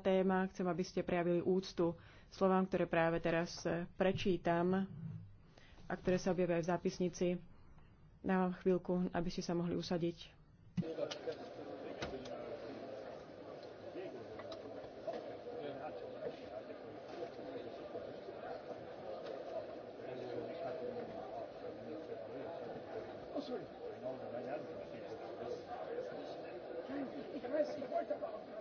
téma. Chcem, aby ste prejavili úctu slovám, ktoré práve teraz eh, prečítam a ktoré sa objavia v zápisnici. Dávam chvíľku, aby ste sa mohli usadiť. Thank oh, you.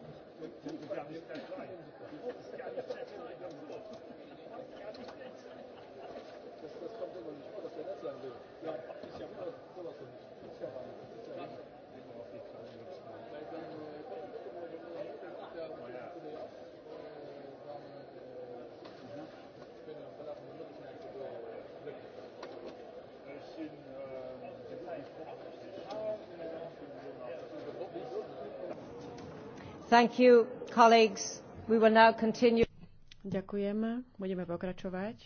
Ďakujem. Budeme pokračovať.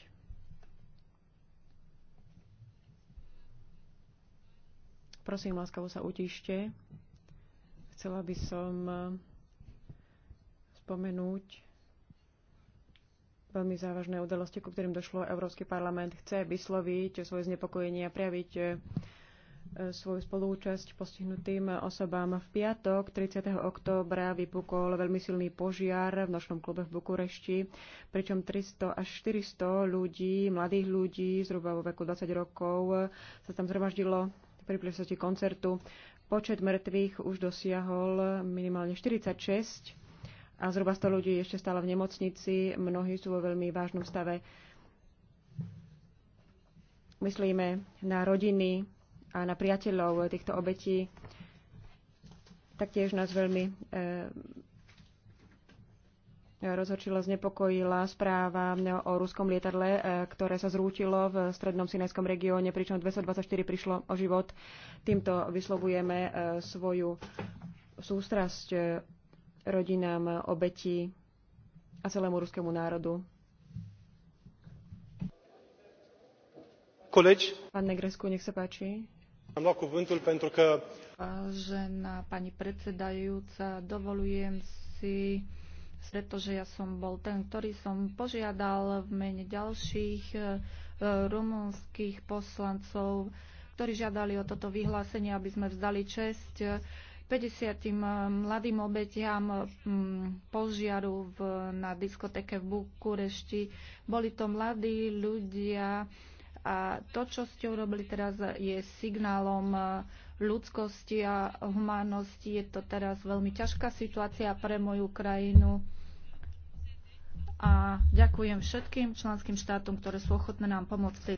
Prosím, láskavo sa utište. Chcela by som eh, spomenúť veľmi závažné udalosti, ku ktorým došlo. Európsky parlament chce vysloviť svoje znepokojenie a prejaviť eh, E, svoju spolúčasť postihnutým osobám. V piatok 30. októbra vypukol veľmi silný požiar v nočnom klube v Bukurešti, pričom 300 až 400 ľudí, mladých ľudí zhruba vo veku 20 rokov sa tam zhromaždilo pri príležitosti koncertu. Počet mŕtvych už dosiahol minimálne 46 a zhruba 100 ľudí ešte stále v nemocnici, mnohí sú vo veľmi vážnom stave. Myslíme na rodiny, a na priateľov týchto obetí. Taktiež nás veľmi eh, rozhorčilo, znepokojila správa o ruskom lietadle, eh, ktoré sa zrútilo v strednom sinajskom regióne, pričom 224 prišlo o život. Týmto vyslovujeme eh, svoju sústrasť rodinám obetí a celému ruskému národu. Pán Negresku, nech sa páči. Vážená pani predsedajúca, dovolujem si, pretože ja som bol ten, ktorý som požiadal v mene ďalších e, rumunských poslancov, ktorí žiadali o toto vyhlásenie, aby sme vzdali česť 50 e, e, mladým obetiam požiaru v, na diskoteke v Bukurešti. Boli to mladí ľudia, a to, čo ste urobili teraz, je signálom eh, ľudskosti a humánosti. Je to teraz veľmi ťažká situácia pre moju krajinu a ďakujem všetkým členským štátom, ktoré sú ochotné nám pomôcť.